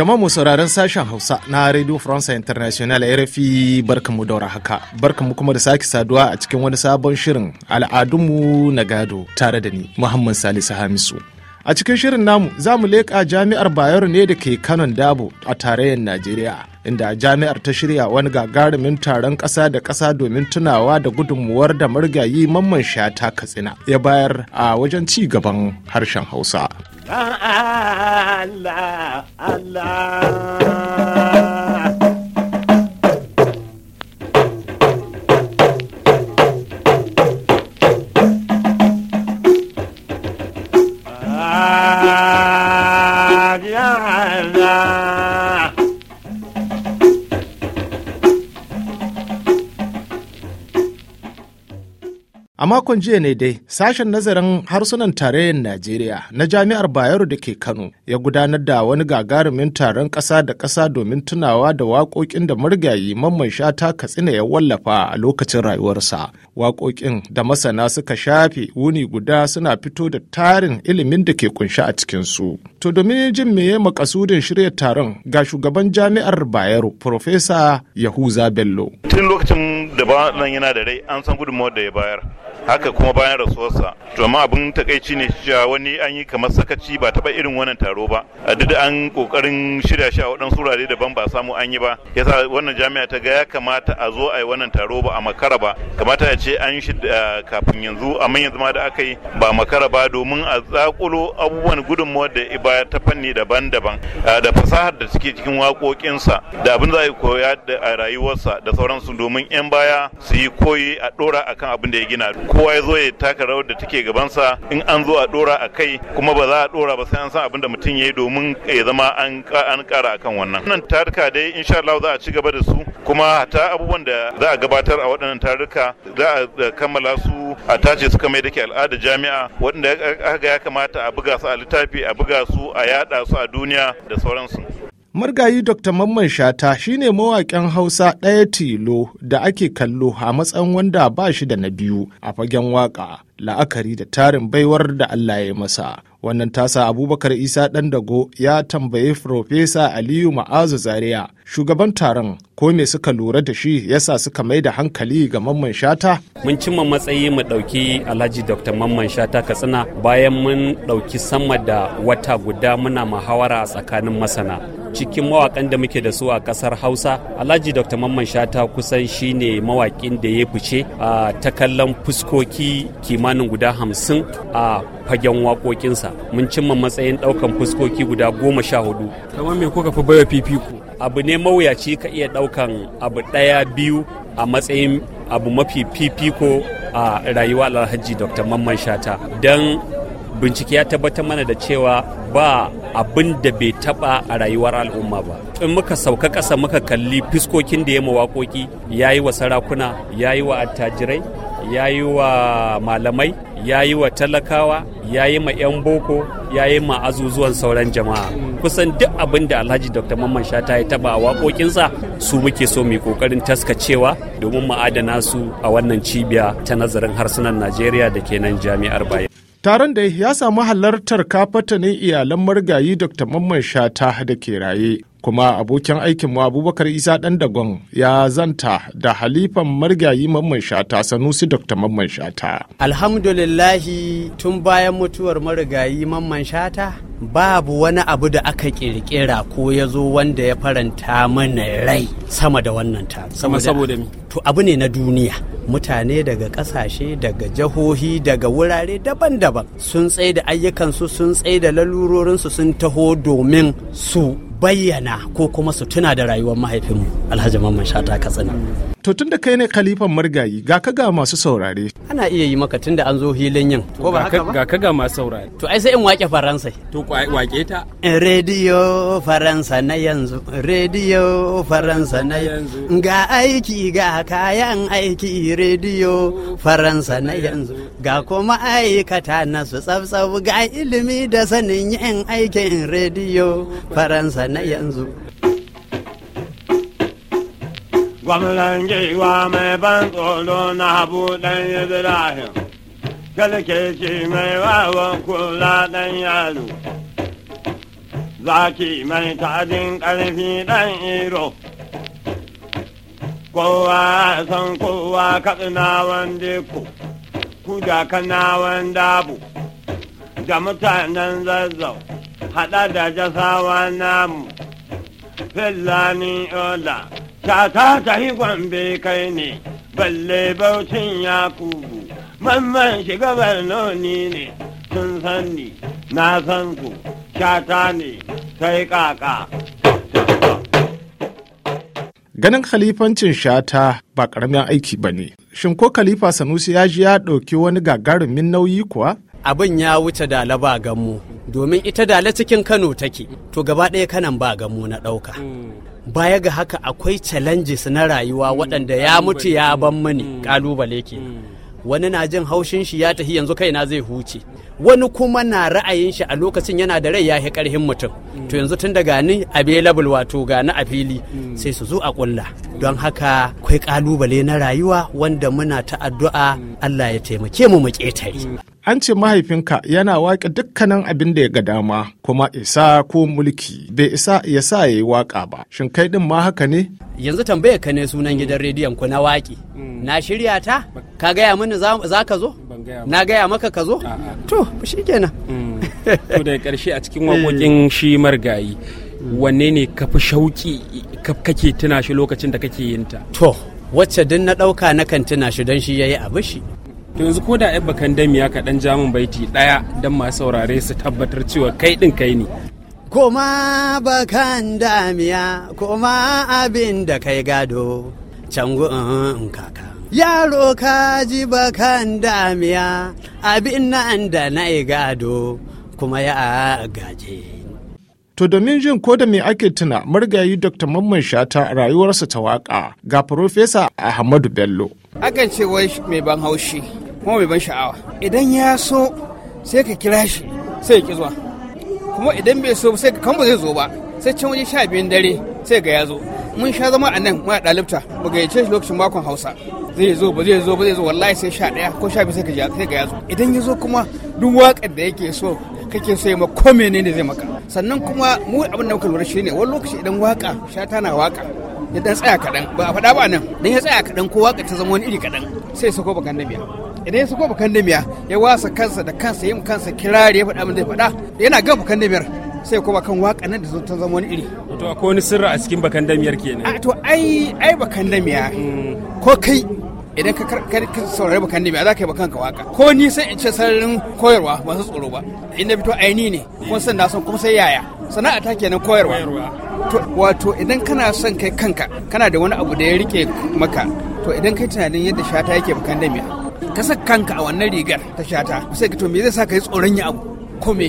Jama'a sauraron sashen Hausa na Radio France International RFI mu daura haka. mu kuma da sake saduwa a cikin wani sabon shirin al'adunmu na gado tare da ni Muhammad Salisu Hamisu. A cikin shirin namu za mu leƙa jami'ar Bayero ne da ke kanon Dabo a tarayyar Najeriya, inda jami'ar ta shirya wani gagarumin taron ƙasa da ƙasa domin tunawa da gudunmuwar da marigayi mamman shata katsina ya bayar a wajen ci gaban harshen Hausa. الله الله A makon jiya ne dai sashen nazarin harsunan tarayyar Najeriya na Jami'ar Bayero da ke Kano ya gudanar da wani gagarumin taron ƙasa da ƙasa domin tunawa da waƙoƙin da marigayi Mamman Shata Katsina ya wallafa a lokacin rayuwarsa. Waƙoƙin da masana suka shafe wuni guda suna fito da tarin ilimin da ke kunshi a cikinsu. To domin jin meye makasudin shirya taron ga shugaban jami'ar Bayero Profesa Yahuza Bello. Tun lokacin da ba nan yana da rai an san gudunmawar da ya bayar. Haka kuma bayan rasuwarsa. To amma abin takaici ne cewa wani an yi kamar sakaci ba taba irin wannan taro ba. A duk an kokarin shirya shi a waɗansu wurare daban ba samu an yi ba. Yasa wannan jami'a ta ga ya kamata a zo a yi wannan taro ba a makara ba. Kamata ya ce an shi eh, kafin yanzu amma yanzu ma da aka yi ba makara ba domin a zakulo abubuwan gudunmawar da baya ta fanni daban-daban eh, da fasahar da suke cikin wakokinsa da abin za a koya da a rayuwarsa da sauransu domin 'yan baya su yi koyi a ɗora akan abin da ya gina kowa ya zo ya taka rawar da take gabansa in an zo a ɗora a kai kuma ba za a ɗora ba sai an san abin da mutum ya yi domin ya zama an ƙara akan wannan wannan tarika dai insha Allah za a ci gaba da su kuma ta abubuwan da za a gabatar a waɗannan tarika za a kammala su a tace su kamar da ke al'ada jami'a waɗanda aka ya kamata a buga su a littafi a buga su su a yada su a duniya da sauransu Margayi Dr. Mamman Shata shine mawaƙin Hausa ɗaya tilo da ake kallo a matsayin wanda ba shi da na biyu a fagen waƙa la'akari da tarin baiwar da Allah ya masa. Wannan tasa Abubakar Isa Dandago ya tambaye Profesa Aliyu Ma'azu Zaria, shugaban taron ko me suka lura da shi yasa suka mai da hankali ga mamman shata mun cimma matsayi mu ɗauki alhaji dr mamman shata katsina bayan mun ɗauki sama da wata guda muna muhawara a tsakanin masana cikin mawakan da muke da su a kasar hausa alhaji dr mamman shata kusan shine mawakin da ya fice a ta kallon fuskoki kimanin guda hamsin a fagen waƙoƙinsa mun cimma matsayin ɗaukan fuskoki guda goma sha hudu kamar me kuka fi baiwa fifiko abu ne mawuyaci ka iya ɗaukan abu ɗaya biyu a matsayin abu mafi fifiko a rayuwa alhaji dr mamman shata don bincike ya tabbatar mana da cewa ba abin da bai taba a rayuwar al'umma ba in muka sauka ƙasa muka kalli fiskokin da ya ma waƙoƙi ya yi wa sarakuna ya yi wa attajirai ya yi wa malamai ya yi wa talakawa ya yi ma 'yan boko ya yi ma azuzuwan sauran jama'a kusan duk abin da alhaji dr mamman shata ya taba a waƙoƙinsa su muke so mai ƙoƙarin taskacewa domin mu adana su a wannan cibiya ta nazarin harsunan najeriya da ke nan jami'ar bayan Taron da ya samu halartar kafata ne iyalan margayi Dr. Mamman Shata da ke raye kuma abokin aikinmu abubakar isa ɗan dagon ya zanta da halifan margayi mamman shata sanusi dr mamman shata alhamdulillahi tun bayan mutuwar marigayi mamman shata babu wani abu da aka kirkira ko ya zo wanda ya faranta mana rai sama da wannan ta sama saboda mi to abu ne na duniya mutane daga kasashe daga jihohi daga wurare daban-daban sun tsaye da ayyukansu sun tsaye da lalurorinsu sun taho domin su bayyana ko kuma su tuna da rayuwar mahaifinmu alhaji mamman shata katsina To tun da kai ne khalifan margayi ga ka ga masu saurare. Ana iya yi maka tun da an zo hilin yin. Ko ba haka ba? Ga ka ga masu saurare. To ai sai in wake Faransa. To wake ta. Eh, rediyo Faransa na yanzu. Rediyo Faransa na yanzu. Ga aiki ga kayan aiki rediyo Faransa na yanzu. Ga kuma aikata na su tsabtsabu ga ilimi da sanin yin aikin rediyo Faransa na yanzu. gwamnan wa mai ban tsoro na habu dan ibrahim kalkeci mai wawan kula ɗan yalo zaki mai tadin ƙarfi ɗan iro kowa san kowa katsinawan deko kuja kanawan dabu da mutanen zazzau hada da jasawa namu fillani ola ta ta tahi gombe kai ne balle baucin ya kubu mamman shiga barnoni ne sun sanni na san ku shata ne sai kaka Ganin khalifancin shata ba ƙaramin aiki ba ne. Shin ko Khalifa Sanusi ya ji ya ɗauki wani gagarumin nauyi kuwa? Abin ya wuce dala ba gamu, domin ita dala cikin Kano take, to gaba ɗaya kanan ba gamu na ɗauka. Hmm. baya ga haka akwai challenges na rayuwa hmm, waɗanda ya mutu ya ban mani hmm. kalubale ke hmm. wani na jin haushin shi ya tafi yanzu kaina zai huce wani kuma na ra'ayin shi a lokacin yana da rai ya fi karhin mutum to yanzu tun da gani available wato gani a fili sai su zo a kulla don haka kai kalubale na rayuwa wanda muna ta addu'a Allah ya taimake mu mu ketare an ce mahaifinka yana waƙe dukkanin abin da ya ga dama kuma isa ko mulki bai isa ya sa ya yi waƙa ba shin kai din ma haka ne yanzu tambaya ka ne sunan gidan rediyon ku na waƙi na shirya ta ka gaya mini za ka zo na gaya maka ka zo to shi kenan mm. to da karshe a cikin waƙoƙin eh. shi margayi mm. wanne ne ka fi shauƙi kake tuna shi lokacin da kake yin ta to wacce din na ɗauka na kan tuna shi don shi yayi abu shi to yanzu ko da yan bakan damiya ka dan jamin baiti ɗaya don masu saurare su tabbatar cewa kai ɗin kai ne koma bakan damiya koma abin da kai gado can kaka yaro ka ji bakan damiya abin nan da na gado kuma ya gaje. To domin jin ko da me ake tuna marigayi Dr. Mamman Shata rayuwarsa ta waka ga Farofesa Ahmadu Bello. Akan ce wai mai ban haushi kuma mai ban sha'awa. Idan ya so sai ka kira shi sai ya ki zuwa. Kuma idan bai so sai ka kan ba zai zo ba. sai can waje sha biyun dare sai ga ya zo mun sha zama a nan muna ɗalibta mu gayyace shi lokacin makon hausa zai zo ba zai zo ba zai zo wallahi sai sha ɗaya ko sha biyu sai ga ya zo idan ya zo kuma duk waƙar da yake so kake so ya ma ko menene zai maka sannan kuma mu abin da muka lura shi ne wani lokaci idan waka sha tana waka ya dan tsaya kaɗan ba a faɗa ba nan dan ya tsaya kaɗan ko waka ta zama wani iri kaɗan sai sako bakan da idan ya sako bakan da ya wasa kansa da kansa yin kansa kirari ya faɗa min zai faɗa yana ga bakan da sai kuma kan waka nan da zo ta zama wani iri to akwai wani sirra a cikin bakan damiyar kenan ne. to ai ai bakan damiya mm. ko kai idan ka ka saurari bakan damiya za ka yi bakan ka waka ko ni sai in ce sararin koyarwa ba su tsoro ba inda fito aini ne ko san na son kuma sai yaya sana'a ta kenan koyarwa wato idan kana son kai kanka kana da wani abu da ya rike maka to idan kai tunanin yadda shata yake bakan damiya ka saka kanka a wannan rigar ta shata sai ka to me zai sa ka yi tsoron ya abu kome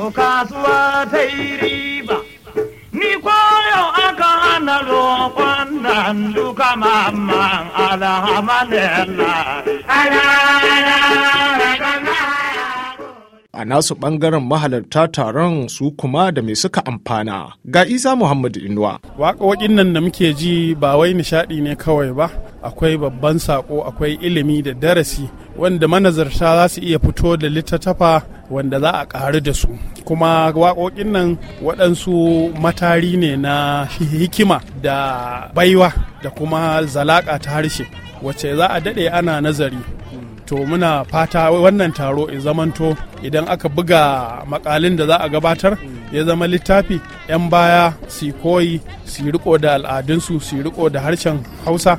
ko kasuwa ta yi riba. Ni koyo aka hana roƙon nan duka mamman alhamdulillah. a nasu ɓangaren mahalarta taron su kuma da mai suka amfana ga isa muhammad inuwa waƙoƙin nan da muke ji ba wai nishaɗi ne kawai ba akwai babban saƙo akwai ilimi da darasi wanda manazarta za su iya fito da littattafa wanda za a ƙaru da su kuma waƙoƙin nan waɗansu matari ne na hikima da baiwa da kuma zalaƙa ta harshe wacce za a daɗe ana nazari to muna fata wannan taro in zamanto idan aka buga makalin da za a gabatar ya zama littafi 'yan baya su koyi su riko da al'adunsu su riko da harshen hausa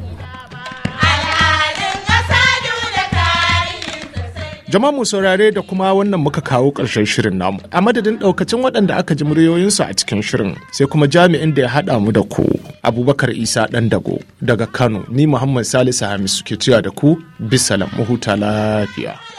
Jama'a mu saurare da kuma wannan muka kawo ƙarshen shirin namu. A madadin ɗaukacin waɗanda aka ji muryoyinsu a cikin shirin sai kuma jami'in da ya haɗa mu da ku Abubakar Isa ɗan dago daga Kano ni Muhammad Salisu Hamisu ke cewa da ku bisalam mu huta lafiya.